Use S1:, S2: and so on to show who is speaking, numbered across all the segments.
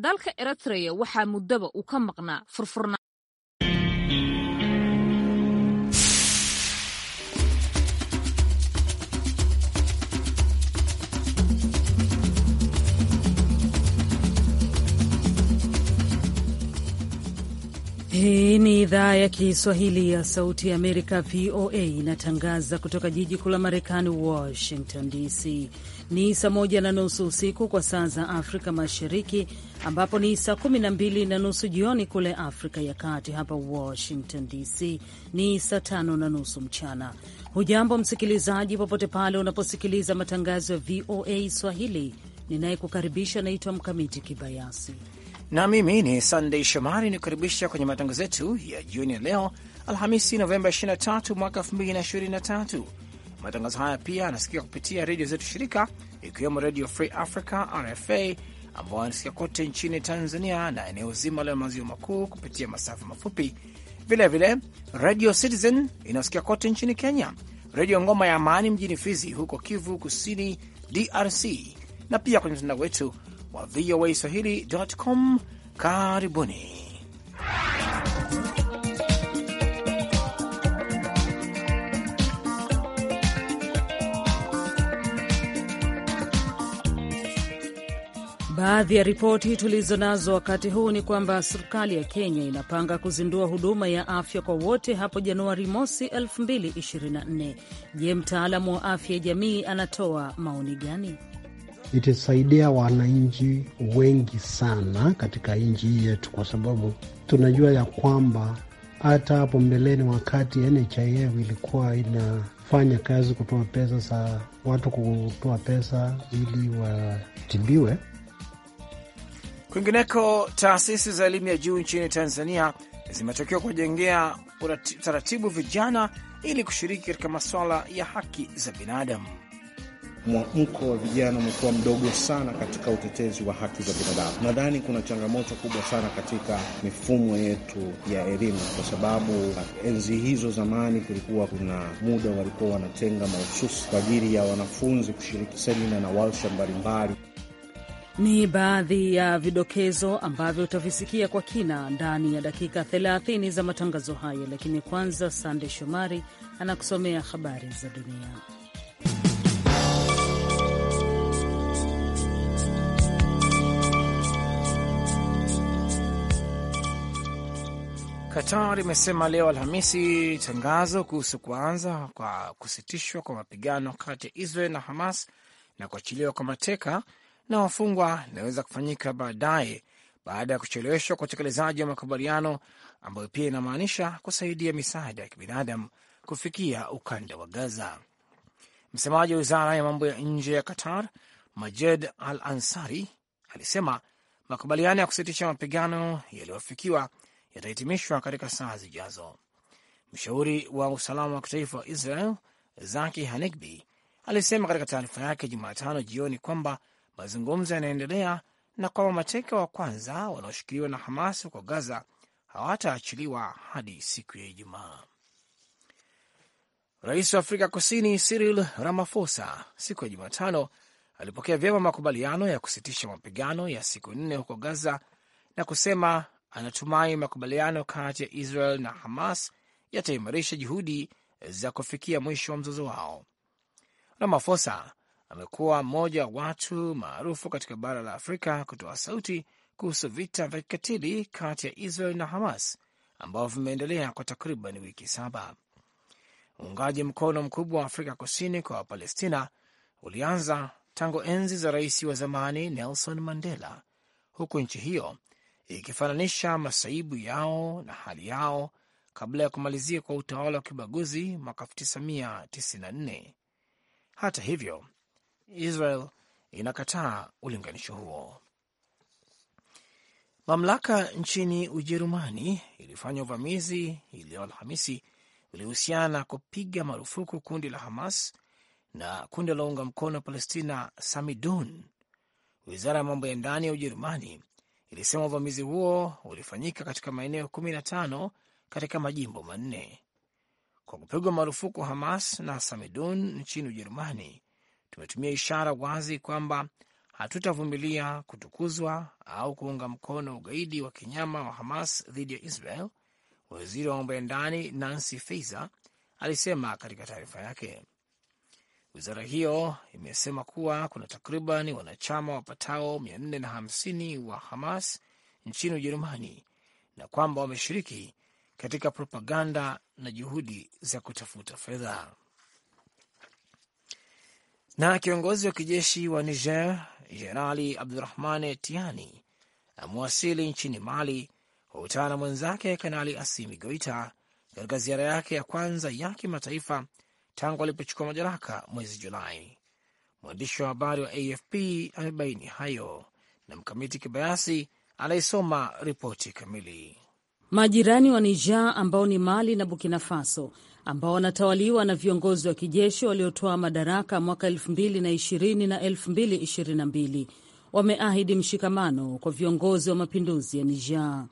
S1: dalka eritrea waxaa muddaba uu ka maqnaa furfurnaa idhaa ya Kiswahili ya Sauti ya Amerika, VOA, inatangaza kutoka jiji kuu la Marekani, Washington DC. Ni saa moja na nusu usiku kwa saa za Afrika Mashariki, ambapo ni saa kumi na mbili na nusu jioni kule Afrika ya Kati. Hapa Washington DC ni saa tano na nusu mchana. Hujambo msikilizaji, popote pale unaposikiliza matangazo ya VOA Swahili. Ninayekukaribisha naitwa Mkamiti
S2: Kibayasi na mimi ni sandey Shomari ni kukaribisha kwenye matangazo yetu ya jioni ya leo Alhamisi, Novemba 23 mwaka 2023. Matangazo haya pia yanasikika kupitia redio zetu shirika, ikiwemo Redio Free Africa RFA, ambayo anasikia kote nchini Tanzania na eneo zima la maziwa makuu kupitia masafa mafupi. Vilevile Redio Citizen inayosikika kote nchini Kenya, Redio Ngoma ya Amani mjini Fizi huko Kivu Kusini, DRC, na pia kwenye mtandao wetu wa VOA Swahili.com. Karibuni.
S1: Baadhi ya ripoti tulizo nazo wakati huu ni kwamba serikali ya Kenya inapanga kuzindua huduma ya afya kwa wote hapo Januari mosi 2024. Je, mtaalamu wa afya ya jamii anatoa maoni gani?
S3: itasaidia wananchi wengi sana katika nchi hii yetu, kwa sababu tunajua ya kwamba hata hapo mbeleni wakati NHIF ilikuwa inafanya kazi kutoa pesa za watu, kutoa pesa ili watibiwe.
S2: Kwingineko, taasisi za elimu ya juu nchini Tanzania zimetakiwa kujengea taratibu vijana ili kushiriki katika masuala ya haki za binadamu
S3: mwamko wa vijana umekuwa mdogo sana katika utetezi wa haki za binadamu. Nadhani kuna changamoto kubwa sana katika mifumo yetu ya elimu, kwa sababu enzi hizo zamani kulikuwa kuna muda walikuwa wanatenga mahususi kwa ajili ya wanafunzi kushiriki semina na warsha mbalimbali.
S1: Ni baadhi ya vidokezo ambavyo utavisikia kwa kina ndani ya dakika 30 za matangazo haya, lakini kwanza, Sande Shomari anakusomea habari za dunia.
S2: Qatar imesema leo Alhamisi tangazo kuhusu kuanza kwa kusitishwa kwa mapigano kati ya Israel na Hamas na kuachiliwa kwa mateka na wafungwa linaweza kufanyika baadaye baada ya kucheleweshwa kwa utekelezaji wa makubaliano ambayo pia inamaanisha kusaidia misaada ya kibinadamu kufikia ukanda wa Gaza. Msemaji wa wizara ya mambo ya nje ya Qatar, Majed Al Ansari, alisema makubaliano ya kusitisha mapigano yaliyofikiwa yatahitimishwa katika saa zijazo. Mshauri wa usalama wa kitaifa wa Israel Zaki Hanegbi alisema katika taarifa yake Jumatano jioni kwamba mazungumzo yanaendelea na kwamba mateka wa kwanza wanaoshikiliwa na Hamas huko Gaza hawataachiliwa hadi siku ya Ijumaa. Rais wa Afrika Kusini Cyril Ramaphosa siku ya Jumatano alipokea vyema makubaliano ya kusitisha mapigano ya siku nne huko Gaza na kusema anatumai makubaliano kati ya Israel na Hamas yataimarisha juhudi za kufikia mwisho wa mzozo wao. ramafosa amekuwa mmoja wa watu maarufu katika bara la Afrika kutoa sauti kuhusu vita vya kikatili kati ya Israel na Hamas ambavyo vimeendelea kwa takriban wiki saba. Uungaji mkono mkubwa wa Afrika Kusini kwa Wapalestina ulianza tangu enzi za rais wa zamani Nelson Mandela, huku nchi hiyo ikifananisha masaibu yao na hali yao kabla ya kumalizia kwa utawala wa kibaguzi mwaka 1994. Hata hivyo, Israel inakataa ulinganisho huo. Mamlaka nchini Ujerumani ilifanya uvamizi iliyo Alhamisi ulihusiana na kupiga marufuku kundi la Hamas na kundi la unga mkono Palestina Samidun. Wizara ya mambo ya ndani ya Ujerumani ilisema uvamizi huo ulifanyika katika maeneo 15 katika majimbo manne. Kwa kupigwa marufuku Hamas na Samidun nchini Ujerumani, tumetumia ishara wazi kwamba hatutavumilia kutukuzwa au kuunga mkono ugaidi wa kinyama wa Hamas dhidi ya Israel, waziri wa mambo ya ndani Nancy Faeser alisema katika taarifa yake. Wizara hiyo imesema kuwa kuna takriban wanachama wapatao 450 wa Hamas nchini Ujerumani na kwamba wameshiriki katika propaganda na juhudi za kutafuta fedha. Na kiongozi wa kijeshi wa Niger Jenerali Abdurahmane Tiani amewasili nchini Mali kukutana na mwenzake Kanali Asimi Goita katika ziara yake ya kwanza ya kimataifa tangu alipochukua madaraka mwezi Julai. Mwandishi wa habari wa AFP amebaini hayo na Mkamiti Kibayasi anaisoma ripoti kamili.
S1: Majirani wa Niger ambao ni Mali na Burkina Faso ambao wanatawaliwa na viongozi wa kijeshi waliotoa madaraka mwaka 2020 na 2022 wameahidi mshikamano kwa viongozi wa mapinduzi ya Niger.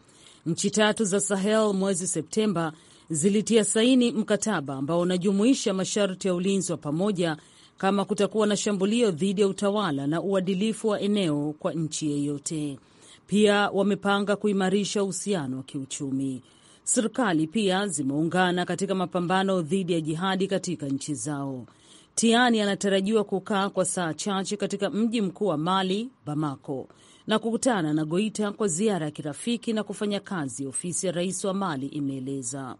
S1: Nchi tatu za Sahel mwezi Septemba zilitia saini mkataba ambao unajumuisha masharti ya ulinzi wa pamoja kama kutakuwa na shambulio dhidi ya utawala na uadilifu wa eneo kwa nchi yeyote. Pia wamepanga kuimarisha uhusiano wa kiuchumi. Serikali pia zimeungana katika mapambano dhidi ya jihadi katika nchi zao. Tiani anatarajiwa kukaa kwa saa chache katika mji mkuu wa Mali, Bamako, na kukutana na Goita kwa ziara ya kirafiki na kufanya kazi, ofisi ya rais wa Mali imeeleza.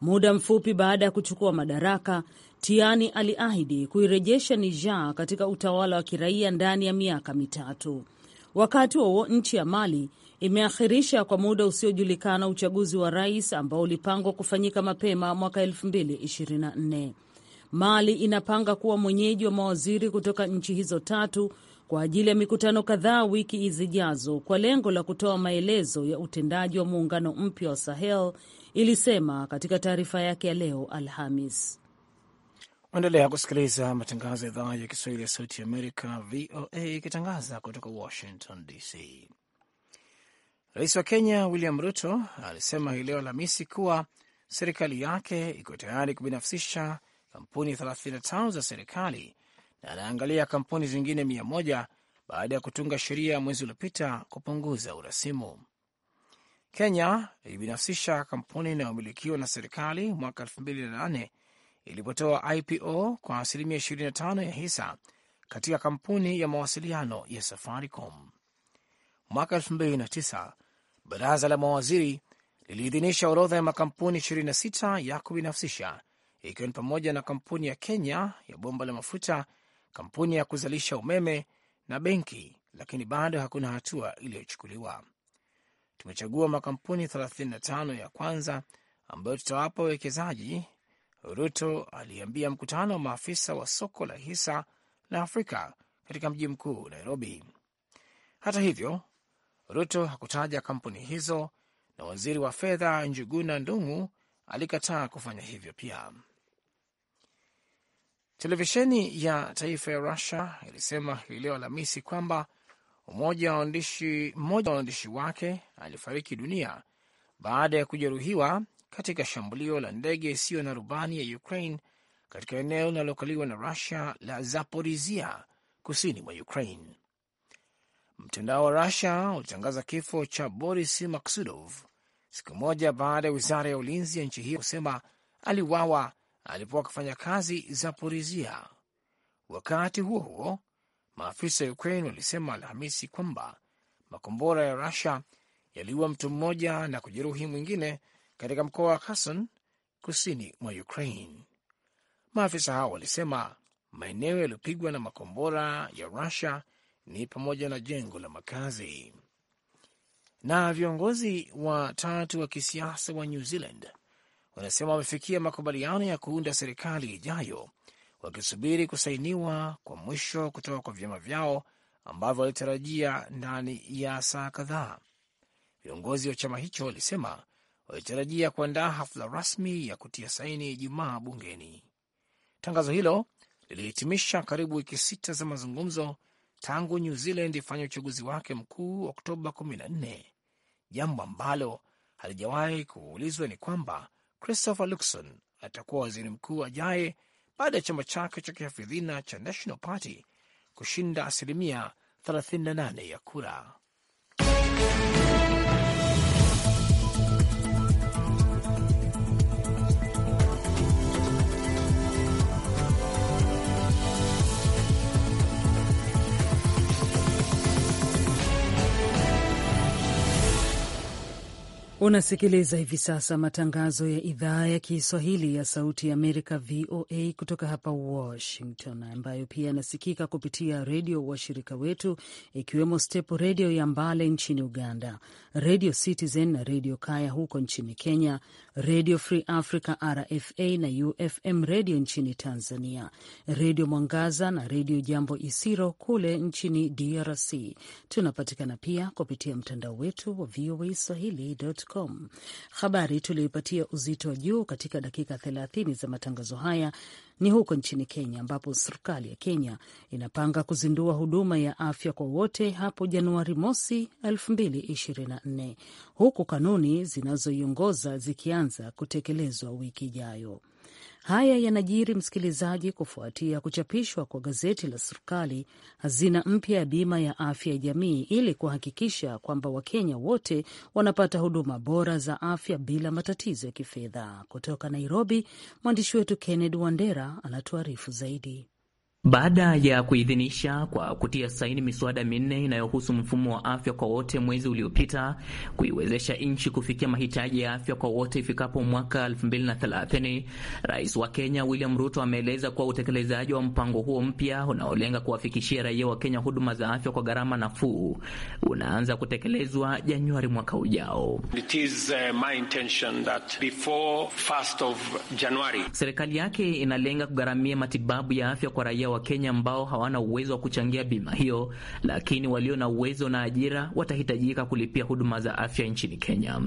S1: Muda mfupi baada ya kuchukua madaraka, Tiani aliahidi kuirejesha Niger katika utawala wa kiraia ndani ya miaka mitatu. Wakati huo nchi ya Mali imeakhirisha kwa muda usiojulikana uchaguzi wa rais ambao ulipangwa kufanyika mapema mwaka 2024. Mali inapanga kuwa mwenyeji wa mawaziri kutoka nchi hizo tatu kwa ajili ya mikutano kadhaa wiki zijazo kwa lengo la kutoa maelezo ya utendaji wa muungano mpya wa Sahel ilisema katika taarifa yake ya leo Alhamis.
S2: Endelea kusikiliza matangazo ya idhaa ya Kiswahili ya Sauti ya Amerika, VOA, ikitangaza kutoka Washington DC. Rais wa Kenya William Ruto alisema hii leo Alhamisi kuwa serikali yake iko tayari kubinafsisha kampuni 35 za serikali na anaangalia kampuni zingine mia moja baada ya kutunga sheria mwezi uliopita kupunguza urasimu. Kenya ilibinafsisha kampuni inayomilikiwa na serikali mwaka 2008 ilipotoa IPO kwa asilimia 25 ya hisa katika kampuni ya mawasiliano ya Safaricom. Mwaka 2009 baraza la mawaziri liliidhinisha orodha ya makampuni 26 ya kubinafsisha ikiwa ni pamoja na kampuni ya Kenya ya bomba la mafuta, kampuni ya kuzalisha umeme na benki, lakini bado hakuna hatua iliyochukuliwa tumechagua makampuni 35 ya kwanza ambayo tutawapa wawekezaji, Ruto aliambia mkutano wa maafisa wa soko la hisa la Afrika katika mji mkuu Nairobi. Hata hivyo, Ruto hakutaja kampuni hizo na waziri wa fedha Njuguna Ndung'u alikataa kufanya hivyo pia. Televisheni ya taifa ya Rusia ilisema hii leo Alhamisi kwamba mmoja wa waandishi wake alifariki dunia baada ya kujeruhiwa katika shambulio la ndege isiyo na rubani ya Ukraine katika eneo linalokaliwa na Rusia la Zaporizia kusini mwa Ukraine. Mtandao wa Rusia ulitangaza kifo cha Boris Maksudov siku moja baada ya wizara ya ulinzi ya nchi hiyo kusema aliuawa alipokuwa akifanya kazi Zaporizia. Wakati huo huo, Maafisa wa Ukraine walisema Alhamisi kwamba makombora ya Rusia yaliua mtu mmoja na kujeruhi mwingine katika mkoa wa Kherson kusini mwa Ukraine. Maafisa hao walisema maeneo yaliyopigwa na makombora ya Rusia ni pamoja na jengo la makazi. Na viongozi watatu wa kisiasa wa New Zealand wanasema wamefikia makubaliano ya kuunda serikali ijayo wakisubiri kusainiwa kwa mwisho kutoka kwa vyama vyao ambavyo walitarajia ndani ya saa kadhaa. Viongozi wa chama hicho walisema walitarajia kuandaa hafla rasmi ya kutia saini Ijumaa bungeni. Tangazo hilo lilihitimisha karibu wiki sita za mazungumzo tangu New Zealand ifanya uchaguzi wake mkuu Oktoba 14. Jambo ambalo halijawahi kuulizwa ni kwamba Christopher Luxon atakuwa waziri mkuu ajaye baada ya chama chake cha kihafidhina cha National Party kushinda asilimia 38 ya kura.
S1: Unasikiliza hivi sasa matangazo ya idhaa ya Kiswahili ya Sauti ya Amerika, VOA, kutoka hapa Washington, ambayo pia yanasikika kupitia redio washirika wetu, ikiwemo Step Redio ya Mbale nchini Uganda, Redio Citizen na Redio Kaya huko nchini Kenya, Redio Free Africa, RFA na UFM Redio nchini Tanzania, Redio Mwangaza na Redio Jambo Isiro kule nchini DRC. Tunapatikana pia kupitia mtandao wetu wa VOA Swahili com, habari tuliyoipatia uzito wa juu katika dakika 30 za matangazo haya ni huko nchini Kenya ambapo serikali ya Kenya inapanga kuzindua huduma ya afya kwa wote hapo Januari mosi 2024 huku kanuni zinazoiongoza zikianza kutekelezwa wiki ijayo. Haya yanajiri msikilizaji, kufuatia kuchapishwa kwa gazeti la serikali Hazina Mpya ya Bima ya Afya ya Jamii, ili kuhakikisha kwamba Wakenya wote wanapata huduma bora za afya bila matatizo ya kifedha. Kutoka Nairobi, mwandishi wetu kenned Wandera anatuarifu zaidi.
S4: Baada ya kuidhinisha kwa kutia saini miswada minne inayohusu mfumo wa afya kwa wote mwezi uliopita, kuiwezesha nchi kufikia mahitaji ya afya kwa wote ifikapo mwaka 2030, Rais wa Kenya William Ruto ameeleza kuwa utekelezaji wa mpango huo mpya unaolenga kuwafikishia raia wa Kenya huduma za afya kwa gharama nafuu unaanza kutekelezwa Januari mwaka ujao.
S2: It is, uh, my intention that before of January,
S4: serikali yake inalenga kugharamia matibabu ya afya kwa raia wa Wakenya ambao hawana uwezo wa kuchangia bima hiyo, lakini walio na uwezo na ajira watahitajika kulipia huduma za afya nchini Kenya.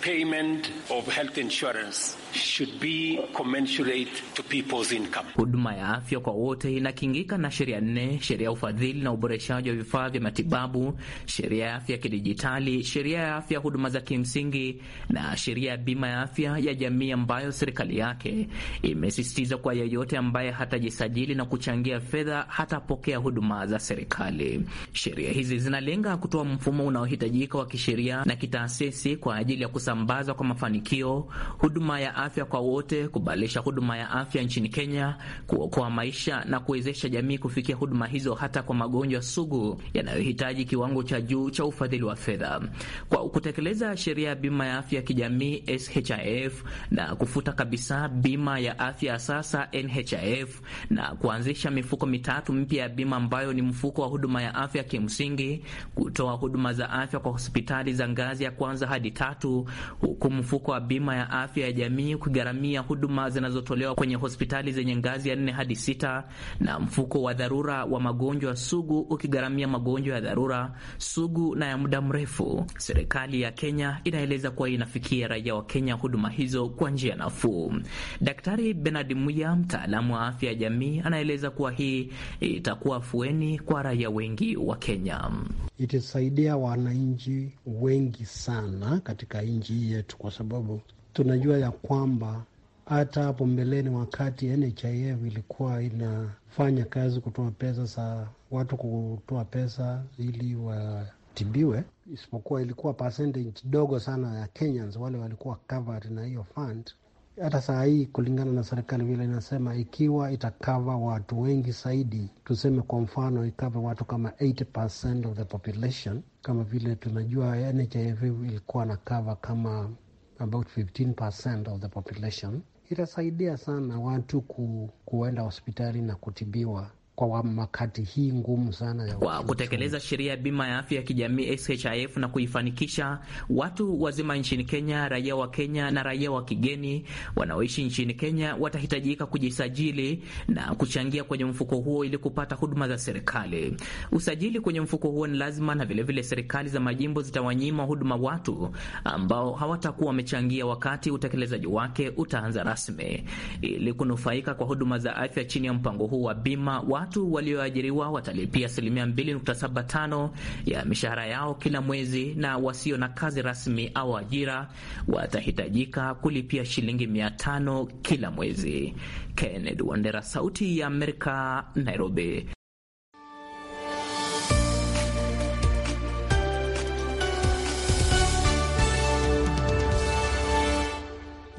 S2: Payment of health insurance should be commensurate to people's income.
S4: Huduma ya afya kwa wote inakingika na sheria nne: sheria ya ufadhili na uboreshaji wa vifaa vya matibabu, sheria ya afya ya kidijitali, sheria ya afya huduma za kimsingi na sheria ya bima ya afya ya jamii ambayo serikali yake imesisitiza kwa yeyote ambaye hatajisajili na kuchangia kuchangia fedha hatapokea huduma za serikali. Sheria hizi zinalenga kutoa mfumo unaohitajika wa kisheria na kitaasisi kwa ajili ya kusambazwa kwa mafanikio huduma ya afya kwa wote, kubadilisha huduma ya afya nchini Kenya, kuokoa maisha na kuwezesha jamii kufikia huduma hizo hata kwa magonjwa sugu yanayohitaji kiwango cha juu cha ufadhili wa fedha. Kwa kutekeleza sheria ya bima ya afya ya kijamii SHIF na kufuta kabisa bima ya afya sasa NHIF na kuanzisha kuanzisha mifuko mitatu mpya ya bima ambayo ni mfuko wa huduma ya afya kimsingi kutoa huduma za afya kwa hospitali za ngazi ya kwanza hadi tatu, huku mfuko wa bima ya afya ya jamii kugharamia huduma zinazotolewa kwenye hospitali zenye ngazi ya nne hadi sita, na mfuko wa dharura wa magonjwa sugu ukigharamia magonjwa ya dharura sugu na ya muda mrefu. Serikali ya Kenya inaeleza kuwa inafikia raia wa Kenya huduma hizo kwa njia nafuu. Daktari Benard Muya, mtaalamu wa afya ya jamii, anaeleza kuwa hii itakuwa afueni kwa raia wengi wa Kenya.
S3: Itasaidia wananchi wengi sana katika nchi hii yetu, kwa sababu tunajua ya kwamba hata hapo mbeleni wakati NHIF ilikuwa inafanya kazi kutoa pesa za watu, kutoa pesa ili watibiwe, isipokuwa ilikuwa percentage dogo sana ya Kenyans wale walikuwa covered na hiyo fund hata saa hii kulingana na serikali vile inasema, ikiwa itakava watu wengi zaidi, tuseme kwa mfano ikava watu kama 80% of the population, kama vile tunajua NHIF ilikuwa na kava kama about 15% of the population, itasaidia sana watu ku, kuenda hospitali na kutibiwa kwa makati hii ngumu sana ya kwa
S4: kutekeleza sheria ya bima ya afya ya kijamii SHIF na kuifanikisha, watu wazima nchini Kenya, raia wa Kenya na raia wa kigeni wanaoishi nchini Kenya watahitajika kujisajili na kuchangia kwenye mfuko huo ili kupata huduma za serikali. Usajili kwenye mfuko huo ni lazima, na vilevile serikali za majimbo zitawanyima huduma watu ambao hawatakuwa wamechangia wakati utekelezaji wake utaanza rasmi. Ili kunufaika kwa huduma za afya chini ya mpango huu wa bima wa watu walioajiriwa watalipia asilimia 2.75 ya mishahara yao kila mwezi, na wasio na kazi rasmi au ajira watahitajika kulipia shilingi 500 kila mwezi. Kennedy Wandera, Sauti ya Amerika, Nairobi.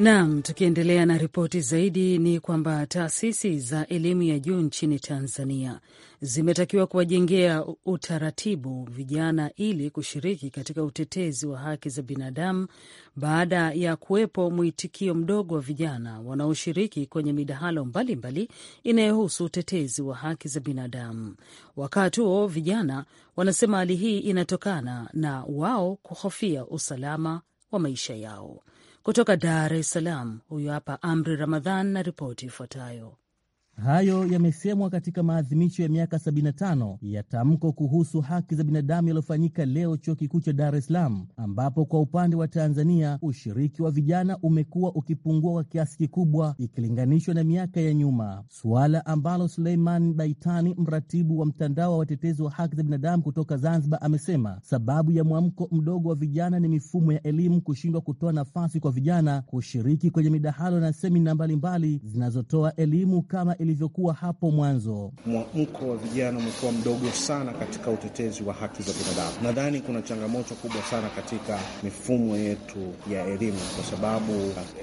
S1: Naam, tukiendelea na ripoti zaidi ni kwamba taasisi za elimu ya juu nchini Tanzania zimetakiwa kuwajengea utaratibu vijana ili kushiriki katika utetezi wa haki za binadamu baada ya kuwepo mwitikio mdogo wa vijana wanaoshiriki kwenye midahalo mbalimbali inayohusu utetezi wa haki za binadamu. Wakati huo vijana wanasema hali hii inatokana na wao kuhofia usalama wa maisha yao. Kutoka Dar es Salaam, huyu hapa Amri Ramadhan na ripoti ifuatayo.
S5: Hayo yamesemwa katika maadhimisho ya miaka 75 ya tamko kuhusu haki za binadamu yaliyofanyika leo chuo kikuu cha Dar es Salaam, ambapo kwa upande wa Tanzania ushiriki wa vijana umekuwa ukipungua kwa kiasi kikubwa ikilinganishwa na miaka ya nyuma, suala ambalo Suleiman Baitani, mratibu wa mtandao wa watetezi wa haki za binadamu kutoka Zanzibar, amesema sababu ya mwamko mdogo wa vijana ni mifumo ya elimu kushindwa kutoa nafasi kwa vijana kushiriki kwenye midahalo na semina mbalimbali zinazotoa elimu kama elimu ilivyokuwa hapo mwanzo.
S3: Mwamko wa vijana umekuwa mdogo sana katika utetezi wa haki za binadamu. Nadhani kuna changamoto kubwa sana katika mifumo yetu ya elimu, kwa sababu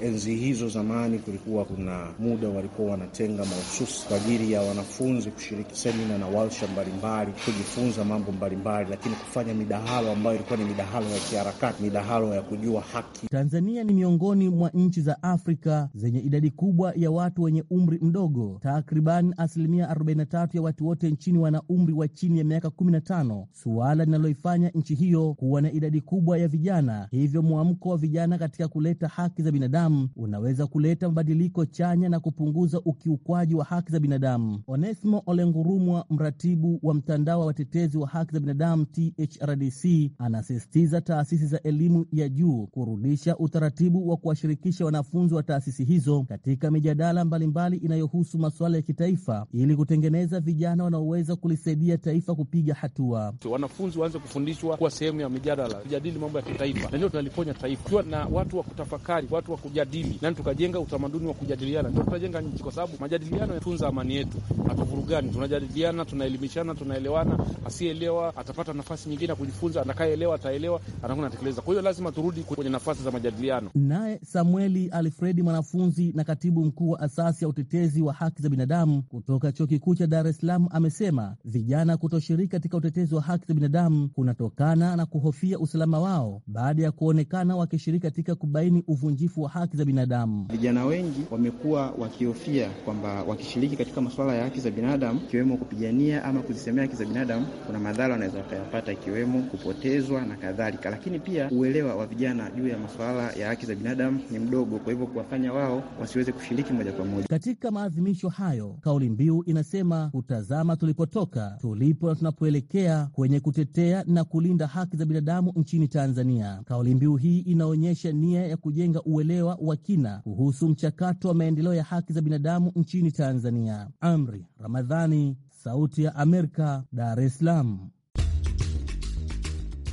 S3: enzi hizo zamani kulikuwa kuna muda walikuwa wanatenga mahususi kwa ajili ya wanafunzi kushiriki semina na warsha mbalimbali, kujifunza mambo mbalimbali, lakini kufanya midahalo ambayo ilikuwa ni midahalo ya kiharakati, midahalo ya kujua haki.
S5: Tanzania ni miongoni mwa nchi za Afrika zenye idadi kubwa ya watu wenye umri mdogo takriban asilimia 43 ya watu wote nchini wana umri wa chini ya miaka 15, suala linaloifanya nchi hiyo kuwa na idadi kubwa ya vijana. Hivyo mwamko wa vijana katika kuleta haki za binadamu unaweza kuleta mabadiliko chanya na kupunguza ukiukwaji wa haki za binadamu. Onesmo Olengurumwa, mratibu wa mtandao wa watetezi wa haki za binadamu THRDC, anasisitiza taasisi za elimu ya juu kurudisha utaratibu wa kuwashirikisha wanafunzi wa taasisi hizo katika mijadala mbalimbali inayohusu masuala ya kitaifa ili kutengeneza vijana wanaoweza kulisaidia taifa kupiga hatua.
S6: Wanafunzi waanze kufundishwa kuwa sehemu ya mijadala, kujadili mambo ya kitaifa, na ndio tunaliponya taifa. Tukiwa na watu wa kutafakari, watu wa kujadili, nani, tukajenga utamaduni wa kujadiliana, ndio tutajenga nchi, kwa sababu majadiliano yatunza amani yetu. Hatuvurugani, tunajadiliana, tunaelimishana, tunaelewana. Asiyeelewa atapata nafasi nyingine ya kujifunza, atakayeelewa ataelewa, anakuwa anatekeleza. Kwa hiyo lazima turudi kwenye nafasi za majadiliano.
S5: Naye Samueli Alfredi, mwanafunzi na katibu mkuu wa asasi ya utetezi wa haki za binadamu kutoka chuo kikuu cha Dar es Salaam amesema vijana kutoshiriki katika utetezi wa haki za binadamu kunatokana na kuhofia usalama wao baada ya kuonekana wakishiriki katika kubaini uvunjifu wa haki za binadamu.
S6: Vijana wengi wamekuwa wakihofia kwamba wakishiriki katika masuala ya haki za binadamu, ikiwemo kupigania ama kuzisemea haki za binadamu, kuna madhara wanaweza wakayapata, ikiwemo kupotezwa na kadhalika. Lakini pia uelewa wa vijana juu ya masuala ya haki za binadamu ni mdogo, kwa hivyo kuwafanya wao
S2: wasiweze kushiriki moja kwa moja
S5: katika maadhimisho hayo, kauli mbiu inasema kutazama tulipotoka, tulipo na tunapoelekea kwenye kutetea na kulinda haki za binadamu nchini Tanzania. Kauli mbiu hii inaonyesha nia ya kujenga uelewa wa kina kuhusu mchakato wa maendeleo ya haki za binadamu nchini Tanzania. Amri Ramadhani, Sauti ya Amerika, Dar es Salaam.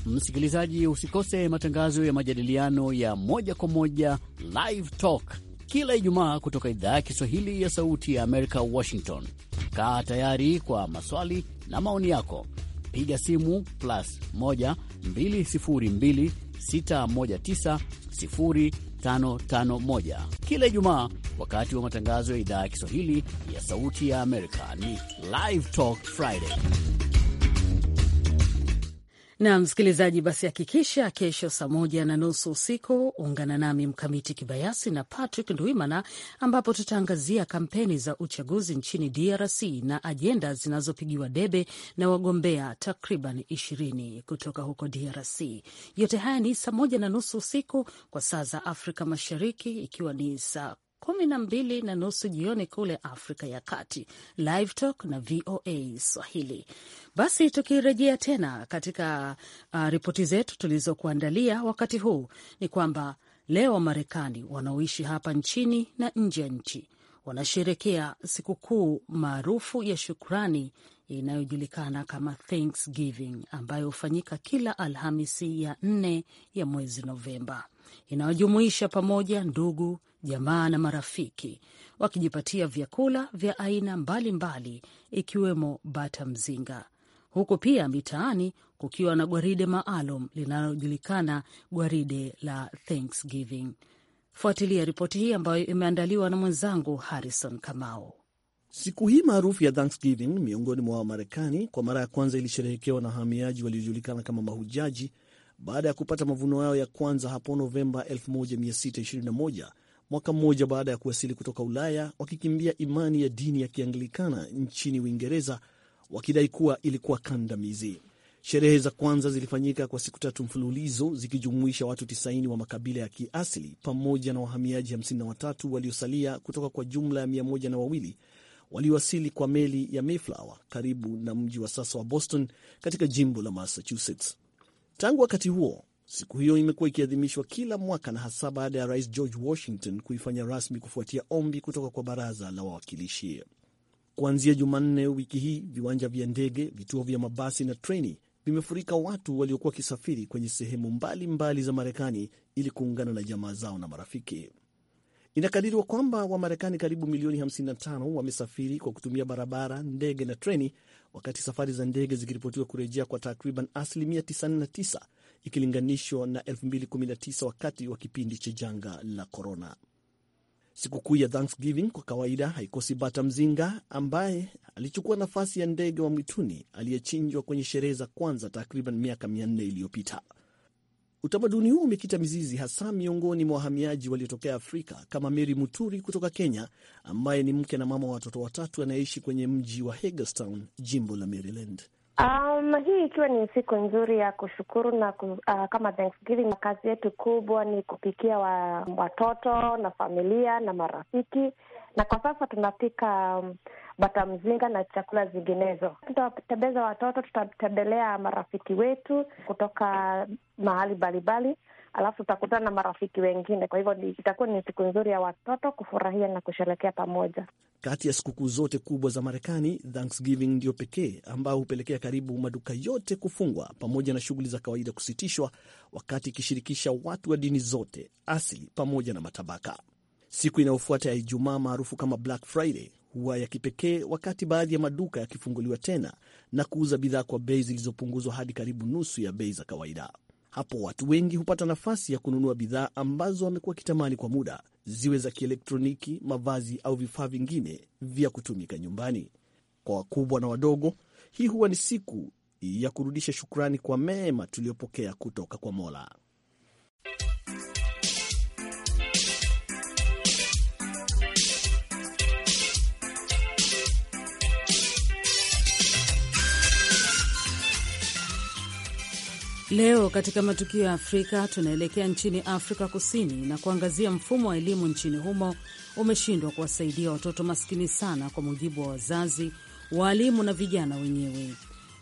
S5: Msikilizaji, usikose matangazo ya majadiliano ya moja kwa moja Live Talk kila Ijumaa kutoka idhaa ya Kiswahili ya Sauti ya Amerika, Washington. Kaa tayari kwa maswali na maoni yako, piga simu plus 1 kila Ijumaa wakati wa matangazo ya idhaa ya Kiswahili ya Sauti ya Amerika. Ni Live Talk
S6: Friday
S1: na msikilizaji, basi hakikisha kesho saa moja na nusu usiku ungana nami Mkamiti Kibayasi na Patrick Ndwimana, ambapo tutaangazia kampeni za uchaguzi nchini DRC na ajenda zinazopigiwa debe na wagombea takriban ishirini kutoka huko DRC. Yote haya ni saa moja na nusu usiku kwa saa za Afrika Mashariki, ikiwa ni saa kumi na mbili na nusu jioni kule Afrika ya Kati. Live Talk na VOA Swahili. Basi tukirejea tena katika uh, ripoti zetu tulizokuandalia wakati huu ni kwamba leo Wamarekani wanaoishi hapa nchini na nje ya nchi wanasherekea sikukuu maarufu ya shukrani inayojulikana kama Thanksgiving ambayo hufanyika kila Alhamisi ya nne ya mwezi Novemba, inayojumuisha pamoja ndugu, jamaa na marafiki wakijipatia vyakula vya aina mbalimbali ikiwemo bata mzinga, huku pia mitaani kukiwa na gwaride maalum linalojulikana gwaride la Thanksgiving. Fuatilia ripoti hii ambayo imeandaliwa
S6: na mwenzangu Harrison Kamau. Siku hii maarufu ya Thanksgiving miongoni mwa Wamarekani kwa mara ya kwanza ilisherehekewa na wahamiaji waliojulikana kama mahujaji baada ya kupata mavuno yao ya kwanza hapo Novemba 1621 mwaka mmoja baada ya kuwasili kutoka Ulaya wakikimbia imani ya dini ya Kianglikana nchini Uingereza wakidai kuwa ilikuwa kandamizi. Sherehe za kwanza zilifanyika kwa siku tatu mfululizo zikijumuisha watu 90 wa makabila ya kiasili pamoja na wahamiaji 53 waliosalia kutoka kwa jumla ya mia moja na wawili waliwasili kwa meli ya Mayflower karibu na mji wa sasa wa Boston katika jimbo la Massachusetts. Tangu wakati huo, siku hiyo imekuwa ikiadhimishwa kila mwaka na hasa baada ya Rais George Washington kuifanya rasmi kufuatia ombi kutoka kwa baraza la wawakilishi. Kuanzia Jumanne wiki hii, viwanja vya ndege, vituo vya mabasi na treni vimefurika watu waliokuwa wakisafiri kwenye sehemu mbalimbali mbali za Marekani ili kuungana na jamaa zao na marafiki. Inakadiriwa kwamba Wamarekani karibu milioni 55 wamesafiri kwa kutumia barabara, ndege na treni, wakati safari za ndege zikiripotiwa kurejea kwa takriban asilimia 99 ikilinganishwa na 2019 wakati wa kipindi cha janga la korona. Sikukuu ya Thanksgiving kwa kawaida haikosi bata mzinga ambaye alichukua nafasi ya ndege wa mwituni aliyechinjwa kwenye sherehe za kwanza takriban miaka 400 iliyopita. Utamaduni huu umekita mizizi hasa miongoni mwa wahamiaji waliotokea Afrika kama Mary Muturi kutoka Kenya, ambaye ni mke na mama wa watoto watatu anayeishi kwenye mji wa Hagerstown, jimbo la Maryland.
S7: Um, hii ikiwa ni siku nzuri ya kushukuru na ku, uh, kama Thanksgiving, kazi yetu kubwa ni kupikia wa, watoto na familia na marafiki na kwa sasa tunapika um, bata mzinga na chakula zinginezo. Tutawatembeza watoto, tutatembelea marafiki wetu kutoka mahali mbalimbali, alafu tutakutana na marafiki wengine. Kwa hivyo itakuwa ni siku nzuri ya watoto kufurahia na kusherekea pamoja.
S6: Kati ya sikukuu zote kubwa za Marekani, Thanksgiving ndio pekee ambayo hupelekea karibu maduka yote kufungwa pamoja na shughuli za kawaida kusitishwa, wakati ikishirikisha watu wa dini zote, asili pamoja na matabaka. Siku inayofuata ya Ijumaa maarufu kama Black Friday huwa ya kipekee, wakati baadhi ya maduka yakifunguliwa tena na kuuza bidhaa kwa bei zilizopunguzwa hadi karibu nusu ya bei za kawaida. Hapo watu wengi hupata nafasi ya kununua bidhaa ambazo wamekuwa kitamani kwa muda, ziwe za kielektroniki, mavazi au vifaa vingine vya kutumika nyumbani. Kwa wakubwa na wadogo, hii huwa ni siku ya kurudisha shukrani kwa mema tuliyopokea kutoka kwa Mola.
S1: Leo katika matukio ya Afrika tunaelekea nchini Afrika Kusini na kuangazia mfumo wa elimu nchini humo umeshindwa kuwasaidia watoto maskini sana, kwa mujibu wa wazazi, waalimu na vijana wenyewe.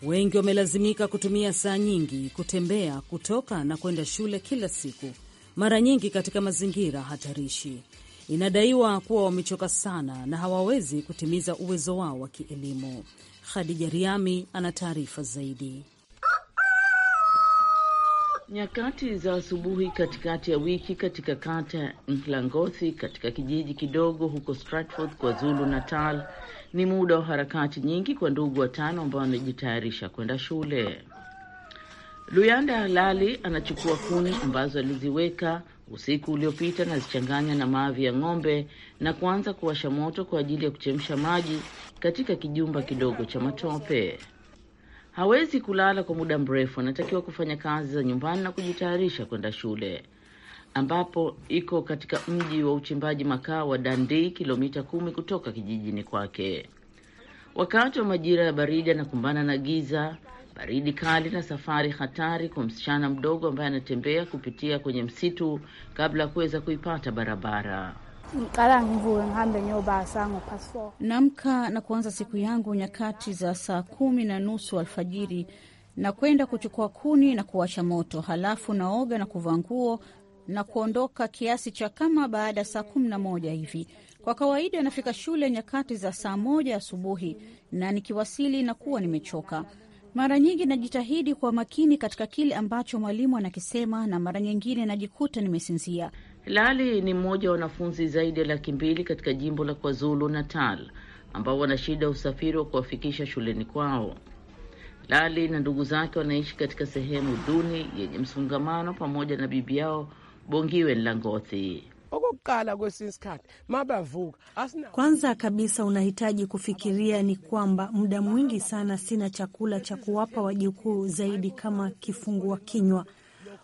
S1: Wengi wamelazimika kutumia saa nyingi kutembea kutoka na kwenda shule kila siku, mara nyingi katika mazingira hatarishi. Inadaiwa kuwa wamechoka sana na hawawezi kutimiza uwezo wao wa kielimu. Khadija Riami ana taarifa zaidi.
S7: Nyakati za asubuhi katikati ya wiki katika kata ya Mlangothi katika kijiji kidogo huko Stratford kwa Zulu Natal ni muda wa harakati nyingi kwa ndugu watano ambao wanajitayarisha kwenda shule. Luyanda Halali anachukua kuni ambazo aliziweka usiku uliopita na zichanganya na maavi ya ng'ombe na kuanza kuwasha moto kwa ajili ya kuchemsha maji katika kijumba kidogo cha matope hawezi kulala kwa muda mrefu, anatakiwa kufanya kazi za nyumbani na kujitayarisha kwenda shule, ambapo iko katika mji wa uchimbaji makaa wa Dundee, kilomita kumi kutoka kijijini kwake. Wakati wa majira ya baridi anakumbana na giza, baridi kali na safari hatari kwa msichana mdogo ambaye anatembea kupitia kwenye msitu kabla ya kuweza kuipata barabara.
S1: Namka na kuanza siku yangu nyakati za saa kumi na nusu alfajiri na kwenda kuchukua kuni na kuwasha moto, halafu naoga na kuvaa nguo na kuondoka kiasi cha kama baada ya saa kumi na moja hivi. Kwa kawaida nafika shule nyakati za saa moja asubuhi, na nikiwasili nakuwa nimechoka. Mara nyingi najitahidi kwa makini katika kile ambacho mwalimu anakisema, na mara nyingine najikuta nimesinzia.
S7: Lali ni mmoja wa wanafunzi zaidi ya laki mbili katika jimbo la KwaZulu Natal ambao wana shida ya usafiri wa kuwafikisha shuleni kwao. Lali na ndugu zake wanaishi katika sehemu duni yenye msongamano pamoja na bibi yao Bongiwe Langothi.
S1: Kwanza kabisa unahitaji kufikiria ni kwamba muda mwingi sana sina chakula cha kuwapa wajukuu zaidi kama kifungua kinywa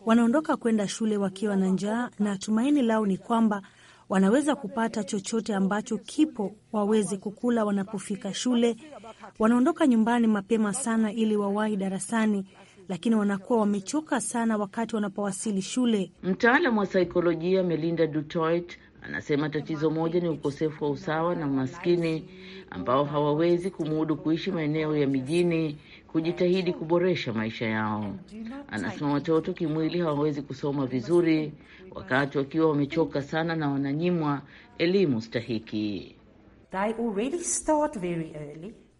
S1: wanaondoka kwenda shule wakiwa na njaa na tumaini lao ni kwamba wanaweza kupata chochote ambacho kipo waweze kukula wanapofika shule. Wanaondoka nyumbani mapema sana ili wawahi darasani, lakini wanakuwa wamechoka sana wakati wanapowasili
S7: shule. Mtaalamu wa saikolojia Melinda Dutoit Anasema tatizo moja ni ukosefu wa usawa na umaskini ambao hawawezi kumudu kuishi maeneo ya mijini kujitahidi kuboresha maisha yao. Anasema watoto kimwili hawawezi kusoma vizuri wakati wakiwa wamechoka sana na wananyimwa elimu stahiki.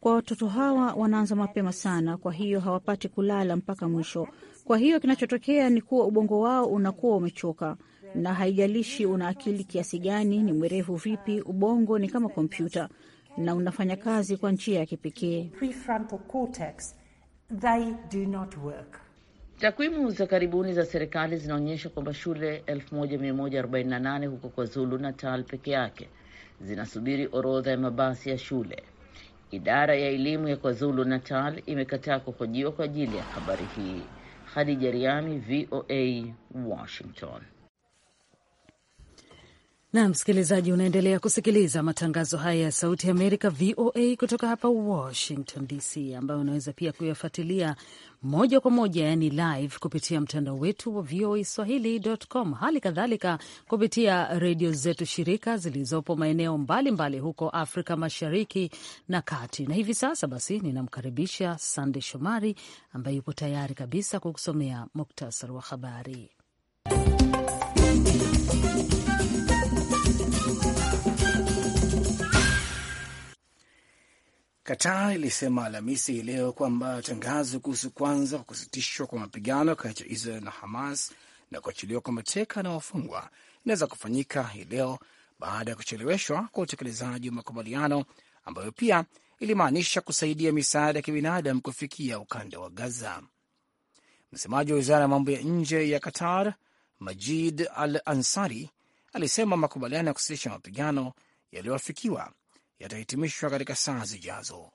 S1: Kwa watoto hawa wanaanza mapema sana, kwa hiyo hawapati kulala mpaka mwisho. Kwa hiyo kinachotokea ni kuwa ubongo wao unakuwa umechoka na haijalishi una akili kiasi gani, ni mwerevu vipi, ubongo ni kama kompyuta na unafanya kazi kwa njia ya kipekee.
S7: Takwimu za karibuni za serikali zinaonyesha kwamba shule 1148 huko KwaZulu Natal peke yake zinasubiri orodha ya mabasi ya shule. Idara ya elimu ya KwaZulu Natal imekataa kuhojiwa kwa ajili ya habari hii. Hadija Riami, VOA, Washington
S1: na msikilizaji, unaendelea kusikiliza matangazo haya ya Sauti ya Amerika, VOA, kutoka hapa Washington DC, ambayo unaweza pia kuyafuatilia moja kwa moja, yani live kupitia mtandao wetu wa VOA Swahili.com, hali kadhalika kupitia redio zetu shirika zilizopo maeneo mbalimbali huko Afrika Mashariki na Kati. Na hivi sasa basi, ninamkaribisha Sande Shomari ambaye yupo tayari kabisa kukusomea muktasari wa habari.
S2: Qatar ilisema Alhamisi hii leo kwamba tangazo kuhusu kwanza kwa kusitishwa kwa mapigano kati ya Israel na Hamas na kuachiliwa kwa mateka na wafungwa inaweza kufanyika hii leo baada ya kucheleweshwa kwa utekelezaji wa makubaliano ambayo pia ilimaanisha kusaidia misaada ya kibinadamu kufikia ukanda wa Gaza. Msemaji wa wizara ya mambo ya nje ya Qatar, Majid Al Ansari, alisema makubaliano ya kusitisha mapigano yaliyoafikiwa yatahitimishwa katika saa zijazo.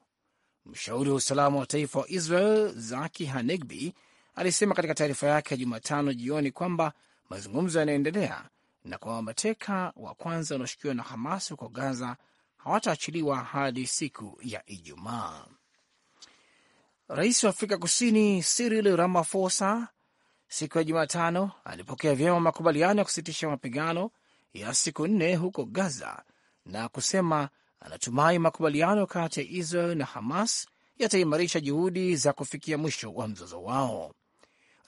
S2: Mshauri wa usalama wa taifa wa Israel Zaki Hanegbi alisema katika taarifa yake ya Jumatano jioni kwamba mazungumzo yanaendelea na kwamba mateka wa kwanza wanaoshukiwa na Hamas huko Gaza hawataachiliwa hadi siku ya Ijumaa. Rais wa Afrika Kusini Cyril Ramaphosa siku ya Jumatano alipokea vyema makubaliano ya kusitisha mapigano ya siku nne huko Gaza na kusema anatumai makubaliano kati ya Israel na Hamas yataimarisha juhudi za kufikia mwisho wa mzozo wao.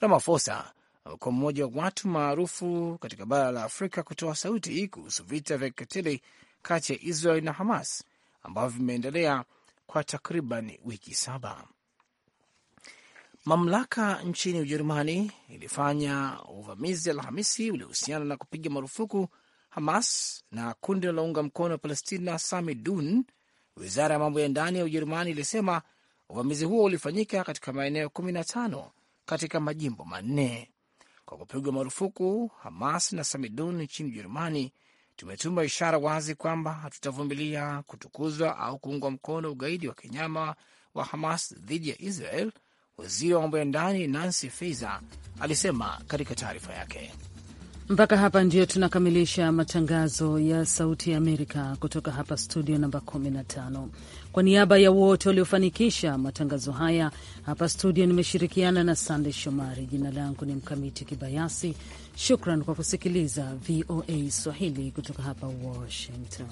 S2: Ramafosa amekuwa mmoja wa watu maarufu katika bara la Afrika kutoa sauti kuhusu vita vya kikatili kati ya Israel na Hamas ambavyo vimeendelea kwa takriban wiki saba. Mamlaka nchini Ujerumani ilifanya uvamizi Alhamisi uliohusiana na kupiga marufuku Hamas na kundi linalounga mkono Palestina sami dun Wizara ya mambo ya ndani ya Ujerumani ilisema uvamizi huo ulifanyika katika maeneo 15 katika majimbo manne. Kwa kupigwa marufuku Hamas na Samidun nchini Ujerumani, tumetuma ishara wazi kwamba hatutavumilia kutukuzwa au kuungwa mkono ugaidi wa kinyama wa Hamas dhidi ya Israel, waziri wa mambo ya ndani Nancy Faeser alisema katika taarifa yake.
S1: Mpaka hapa ndio tunakamilisha matangazo ya Sauti ya Amerika kutoka hapa studio namba 15. Kwa niaba ya wote waliofanikisha matangazo haya hapa studio, nimeshirikiana na sandey Shomari. Jina langu ni Mkamiti Kibayasi. Shukran kwa kusikiliza VOA Swahili kutoka hapa Washington.